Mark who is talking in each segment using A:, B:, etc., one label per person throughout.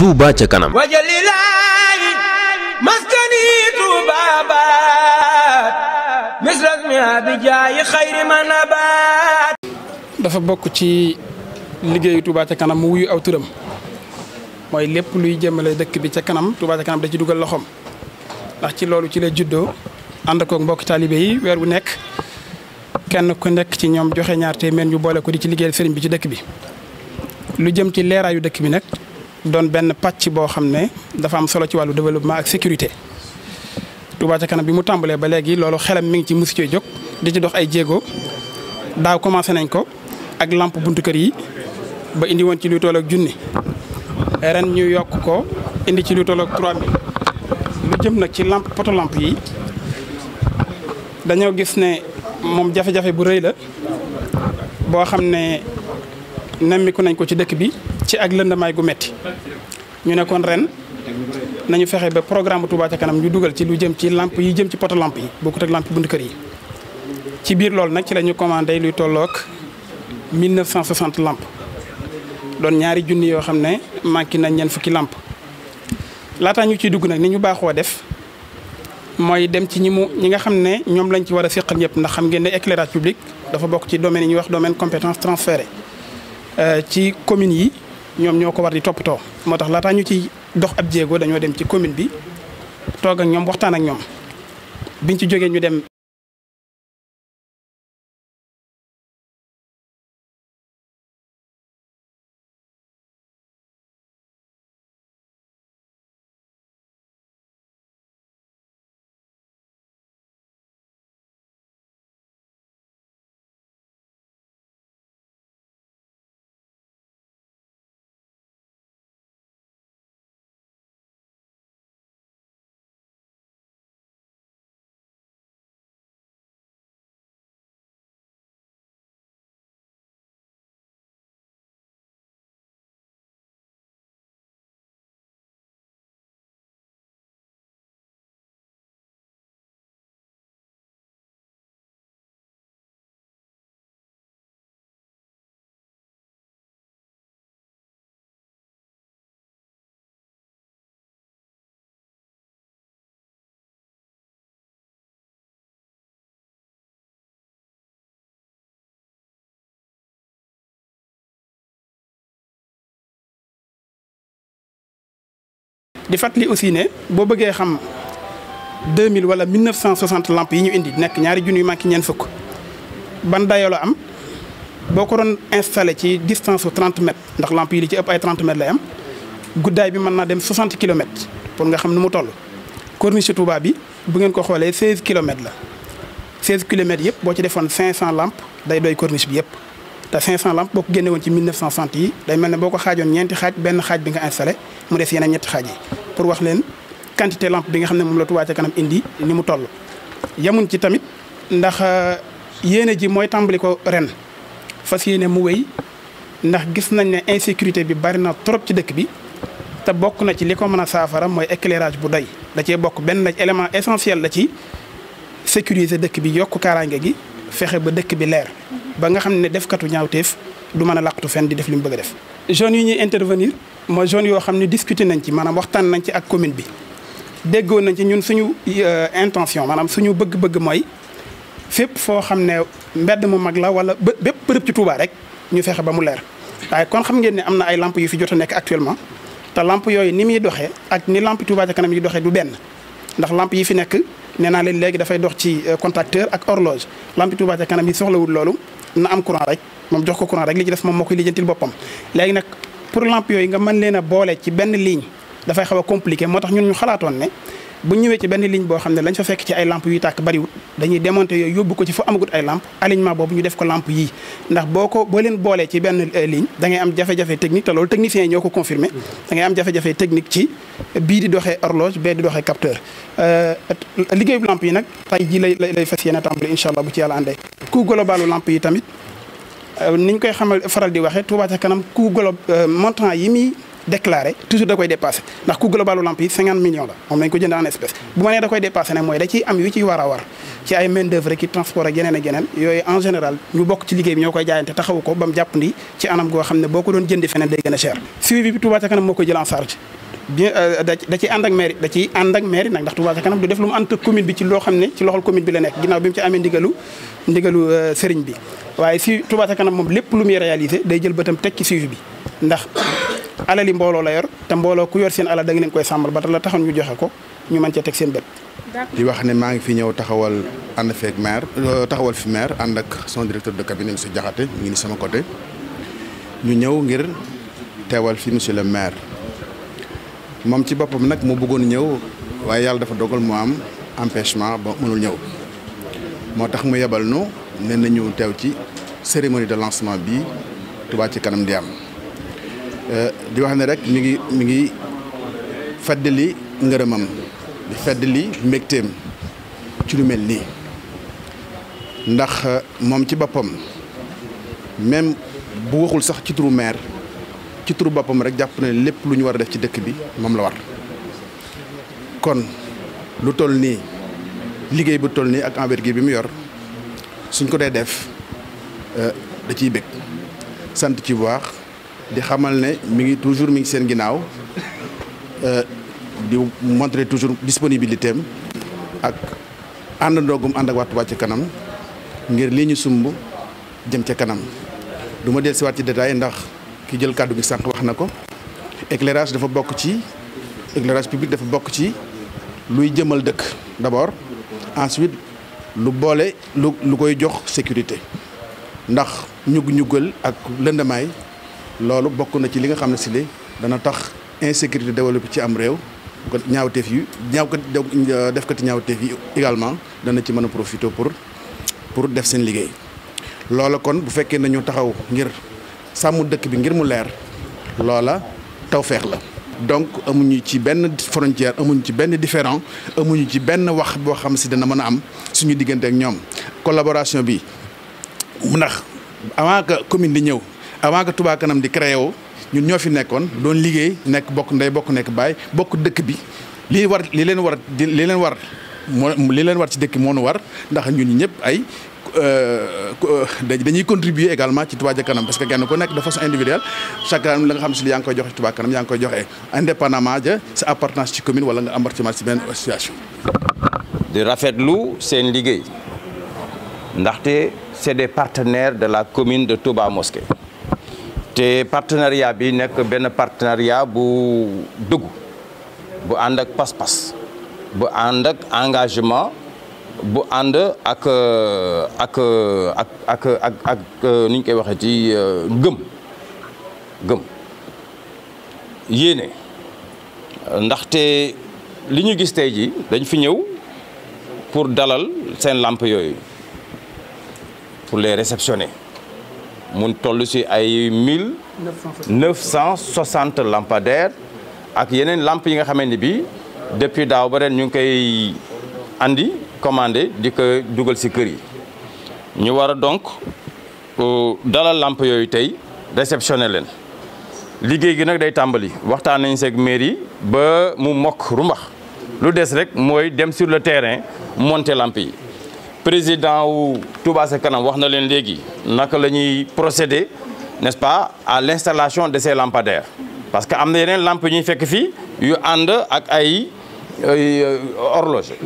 A: Touba ca kanam wajalilaayi maskani Touba misras mi abijaayi xayri man abaat
B: dafa bokk ci liggéeyu Touba ca kanam mu wuy aw turam mooy lépp luy jëmale dëkk bi ca kanam Touba ca kanam da ci dugal loxoom ndax ci loolu ci la juddoo ànd koog mbokki taalibe yi weer wu nekk kenn ku nekk ci ñoom joxe ñaar téeméer ñu boole ko di ci liggéeyal sëriñ bi ci dëkk bi lu jëm ci leeraayu dëkk bi nag doon benn pàcc boo xam ne dafa am solo ci wàllu développement ak sécurité Touba kanam bi mu tàmbalee ba léegi loolu xelam mi ngi ci musu cee jóg di ci dox ay jéego daaw commencé nañ ko ak làmp buntu kër yi ba indi woon ci luy toll ak junni ren ñu yokk ko indi ci luy toll ak 3000 lu jëm nag ci lamp poto lamp yi dañoo gis ne moom jafe-jafe bu rëy la boo xam ne nemmiku nañ ko ci dëkk bi. ci ak lëndamaay gu metti ñu nekkoon ren nañu fexe ba programme Touba ca kanam ñu dugal ci lu jëm ci làmp yi jëm ci poto lamp yi bokkut ak lamp bunt kër yi ci biir loolu nag ci la ñu commandé luy tolloog 1960 lamp doon ñaari junni yoo xam ne manqué nañ ñeent fukki làmp laataa ñu ciy dugg nag ni ñu baaxoo def mooy dem ci ñi mu ñi nga xam ne ñoom lañ ci war a seqal ñëpp ndax xam ngeen ne éclairage public dafa bokk ci domaine yi ñuy wax domaine compétence transférée euh, ci communes yi ñoom ñoo ko war di toppatoo moo tax
A: laataa ñu ci dox ab jéego dañoo dem ci commune bi toog ak ñoom waxtaan ak ñoom biñ ci jógee ñu dem di fàttali aussi ne boo bëggee xam 2000 wala
B: 1960 lamp yi ñu indi nekk ñaari junni yu manqué ñeent fukk ban dayoo la am boo ko doon installe ci distance su 30 mètres ndax lamp yi li ci ëpp ay 30 mètres lay am guddaay bi mën naa dem 60 kilomètres pour nga xam nu mu toll. corniche Touba bi bu ngeen ko xoolee 16 kilomètres la 16 kilomètres yëpp boo ci defoon 500 lampes day doy corniche bi yëpp. te 500 lampes boo ko génne woon ci 1960 yi day mel ne boo ko xaajoon ñeenti xaaj benn xaaj bi nga installé mu des yeneen ñetti xaaj yi pour wax leen quantité lamp bi nga xam ne moom la Touba ca kanam indi ni mu toll. yamuñ ci tamit ndax euh, yéene ji mooy tàmbali ko ren fas yéene mu wéy ndax gis nañ ne insécurité bi bari na trop ci dëkk bi te bokk na ci li ko mën a saafara mooy éclairage bu doy da cee bokk benn la élément essentiel la ci sécuriser dëkk bi yokk kaaraange gi fexe ba dëkk bi leer. ba nga xam ne def defkatu ñaawteef du mën a làqatu fenn di def li mu bëgg a def. jeunes yi ñuy intervenir mooy jeunes yoo xam ne discuter nañ ci maanaam waxtaan nañ ci ak commune bi déggoo nañ ci ñun suñu euh, intention maanaam suñu bëgg-bëgg mooy fépp foo xam ne mbedd mu mag la wala bépp bërëb ci Touba rek ñu fexe ba mu leer waaye kon xam ngeen ne am na ay lamp yu fi jot a nekk actuellement te lamp yooyu ni muy doxee ak ni lamp Touba ca kanam yi doxee du benn ndax lamp yi fi nekk nee naa leen léegi dafay dox ci euh, contacteur ak horloge lamp kanam yi soxlawul loolu na am courant rek moom jox ko courant rek li ci def moom moo koy lijjantil boppam léegi nag pour lampe yooyu nga mën leen a boole ci benn ligne dafay xaw a moo tax ñun ñu xalaatoon ne bu ñëwee ci benn ligne boo xam ne lañ fa fekk ci ay lampe yuy tàkk bariwut dañuy démonter yooyu yóbbu ko ci fu amagut ay lampe alignement boobu ñu def ko lampe yii ndax boo ko boo leen boolee ci benn eh, ligne da am jafe-jafe technique te loolu techniciens yi ñoo ko confirmé da ngay am jafe-jafe technique ci bii di doxee horloge bee di doxee capteur euh, liggéeyu lampe yi nag tay ji lay lay fas yéene tàmbali incha allah bu ci yàlla àndee coût globalu lampe yi tamit euh, niñ koy xamal faral di waxee Touba ca kanam coût global euh, montant yi muy déclaré toujours da koy dépassé ndax coût global u lamp yi la moom lañ ko jënd en espèce bu ma nee da koy dépassé nag mooy da ciy am yu ciy war a war ci ay main d'œuvre ki transport ak yeneen ak yeneen yooyu en général ñu bokk ci liggéey bi ñoo koy jaayante taxawu ko ba mu ci anam goo xam ne boo ko doon jëndi feneen day gën a cher suivi bi Touba ca kanam euh, ci ànd mairie ndax Touba ca kanam du def lu mu commune bi ci loo xam ne ci loxol commune bi la nekk ginnaaw bi mu ci euh, moom lépp lu muy réalisé day jël bëtam teg ci suivi bi ndax alali mbooloo la yor te mbooloo ku yor seen alal da leen koy sàmmal ba la taxoon ñu joxe ko ñu man cee teg seen bët.
C: di wax ne maa ngi fi ñëw taxawal ànd feeg maire euh, taxawal fi maire ànd ak son directeur de cabinet monsieur Diakhaté mu ngi ni sama côté ñu ñëw ngir teewal fi monsieur le maire moom ci boppam nag mu bëggoon ñëw waaye yàlla dafa dogal mu am empêchement ba mënul ñëw moo tax mu yebal nu ne nañu teew ci cérémonie de lancement bi Touba ci kanam di am. Eh, di wax ne rek mi ngi mi ngi fedd feddali ngërëmam di li mbégteem ci lu mel nii ndax eh, moom ci boppam même bu waxul sax ci turu maire ci turu boppam rek jàpp ne lépp lu ñu war a def ci dëkk bi moom la war kon lu toll nii liggéey bu toll nii ak gi bi mu yor suñ ko dee def eh, da ciy bëgg sant ci bu baax di xamal ne mi ngi toujours mi ngi seen ginnaaw euh, di montrer toujours disponibilité am ak àndandoogum ànd ak waa Touba ca kanam ngir lii ñu sumb jëm ca kanam duma du ma dellusiwaat ci détail ndax ki jël kàddu gi sànq wax na ko éclairage dafa bokk ci éclairage public dafa bokk ci luy jëmal dëkk d'abord ensuite lu boole lu lu koy jox sécurité ndax ñug-ñugal ak lëndamaay loolu bokk na ci li nga xam ne si li dana tax insécurité développé ci am réew ko ñaawteef yi ñaaw kat def kati ñaawteef yi également dana ci mën a profité pour pour def seen liggéey loola kon bu fekkee nañu taxaw ngir sàmm dëkk bi ngir mu leer loola tawfeex la donc amuñu ci benn frontière amuñu ci benn différent amuñu ci benn wax boo xam si dana mën a am suñu diggante ak ñoom collaboration bi ndax avant que commune di ñëw avant que Touba Kanam di créé wu ñun ñoo fi nekkoon doon liggéey nekk bokk ndey bokk nekk baay bokk dëkk bi lii war li leen war lii leen war moo li leen war ci dëkk moo nu war ndax ñun ñëpp ay euh, dañuy contribuer également ci Touba kanam parce que kenn ku nekk de façon individuelle chaque année la nga xam si yaa ngi koy joxe Touba kanam yaa ngi koy joxe indépendamment de sa appartenance ci commune wala nga appartenance ci benn association.
A: di rafetlu seen liggéey ndaxte c'est des partenaires de la commune de tubaa Mosquée. te partenariat bi nekk benn partenariat bu dëggu bu ànd ak pas-pas bu ànd ak engagement bu ànd ak ak ak ak ak ak euh, ni ñu koy waxee ci euh, gëm gëm yéene ndaxte li ñu gis tey ji dañ fi ñëw pour dalal seen lamp yooyu pour les réceptionner mun toll si ay mille neuf cent soixante lampadaires ak yeneen lamp yi nga xamee ni bi depuis daaw ba ren ñu ngi koy andi commandé di ko dugal si kër yi ñu war a donc euh, dala lamp yooyu tey réceptionné leen liggéey gi nag day tàmbali waxtaan nañ seeg mairie ba mu mokk rumbax lu des rek mooy dem sur le terrain monter lamp yi président wu Touba kanam wax na leen léegi naka la ñuy procéder n'est-ce pas à l'installation de ces lampadaires parce que am na yeneen lamp ñuy fekk fii yu ànd ak ay euh, horloge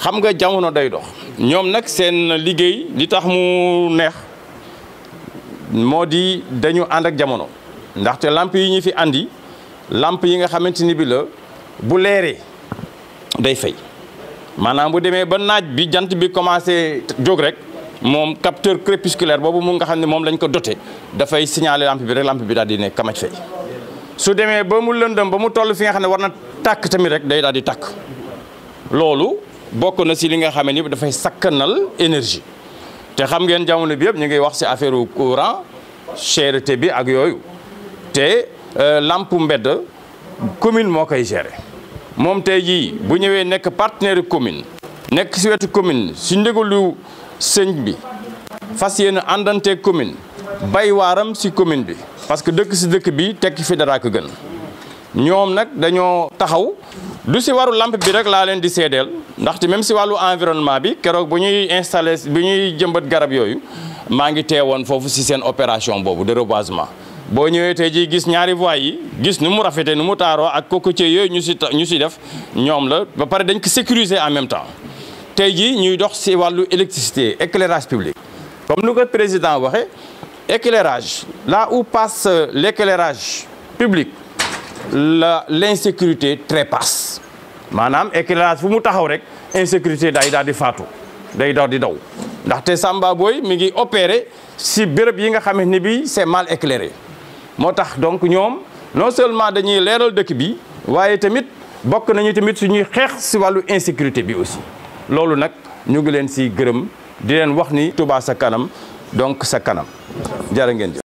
A: xam nga jamono day dox ñoom nag seen liggéey li tax mu neex moo di dañu ànd ak jamono ndaxte lamp yi ñu fi andi lamp yi nga xamante ni bi la bu leeree day fay maanaam bu demee ba naaj bi jant bi commencé jóg rek moom capteur crépusculaire boobu mu nga xam ne moom lañ ko doté dafay signaler lampe bi rek lampe bi daal di ne kamaj fay su demee ba mu lëndam ba mu toll fi nga xam ne war na tàkk tamit rek day daal di tàkk loolu bokk na si li nga xam ne ni dafay sakkanal énergie te xam ngeen jamono bi yëpp ñu ngi wax si affaire courant cherté bi ak yooyu te euh, làmp mbedd commune moo koy gérer moom tey jii bu ñëwee nekk partenaire commune nekk si wetu commune ci ndigalu sëñ bi fas yéen àndante commune bay waaram si commune bi parce que dëkk si dëkk bi tekki fi dara ko gën ñoom nag dañoo taxaw lu si waru lamp bi rek laa leen di seedeel ndaxte même si wàllu environnement bi keroog bu ñuy installé bu ñuy jëmbat garab yooyu maa ngi teewoon foofu si seen opération boobu de reboisement boo ñëwee tey jii gis ñaari voies yi gis nu mu rafetee nu mu taaroo ak cocotier yooyu ñu si ñu si def ñoom la ba pare dañ ko sécuriser en même temps tey jii ñuy dox si wàllu électricité éclairage public. comme nu ko président waxee éclairage là où passe l'éclairage public la l'insécurité trépasse maanaam éclairage fu mu taxaw rek insécurité day daal di faatu day doo di daw ndaxte Samba Boy mi ngi opérer si bërëb yi nga xamante ni bi c'est mal éclairé. moo tax donc ñoom non seulement dañuy leeral dëkk bi waaye tamit bokk nañu tamit suñuy xeex si wàllu insécurité bi aussi loolu nag ñu ngi leen si gërëm di leen wax ni Touba sa kanam donc sa kanam jërë ngeen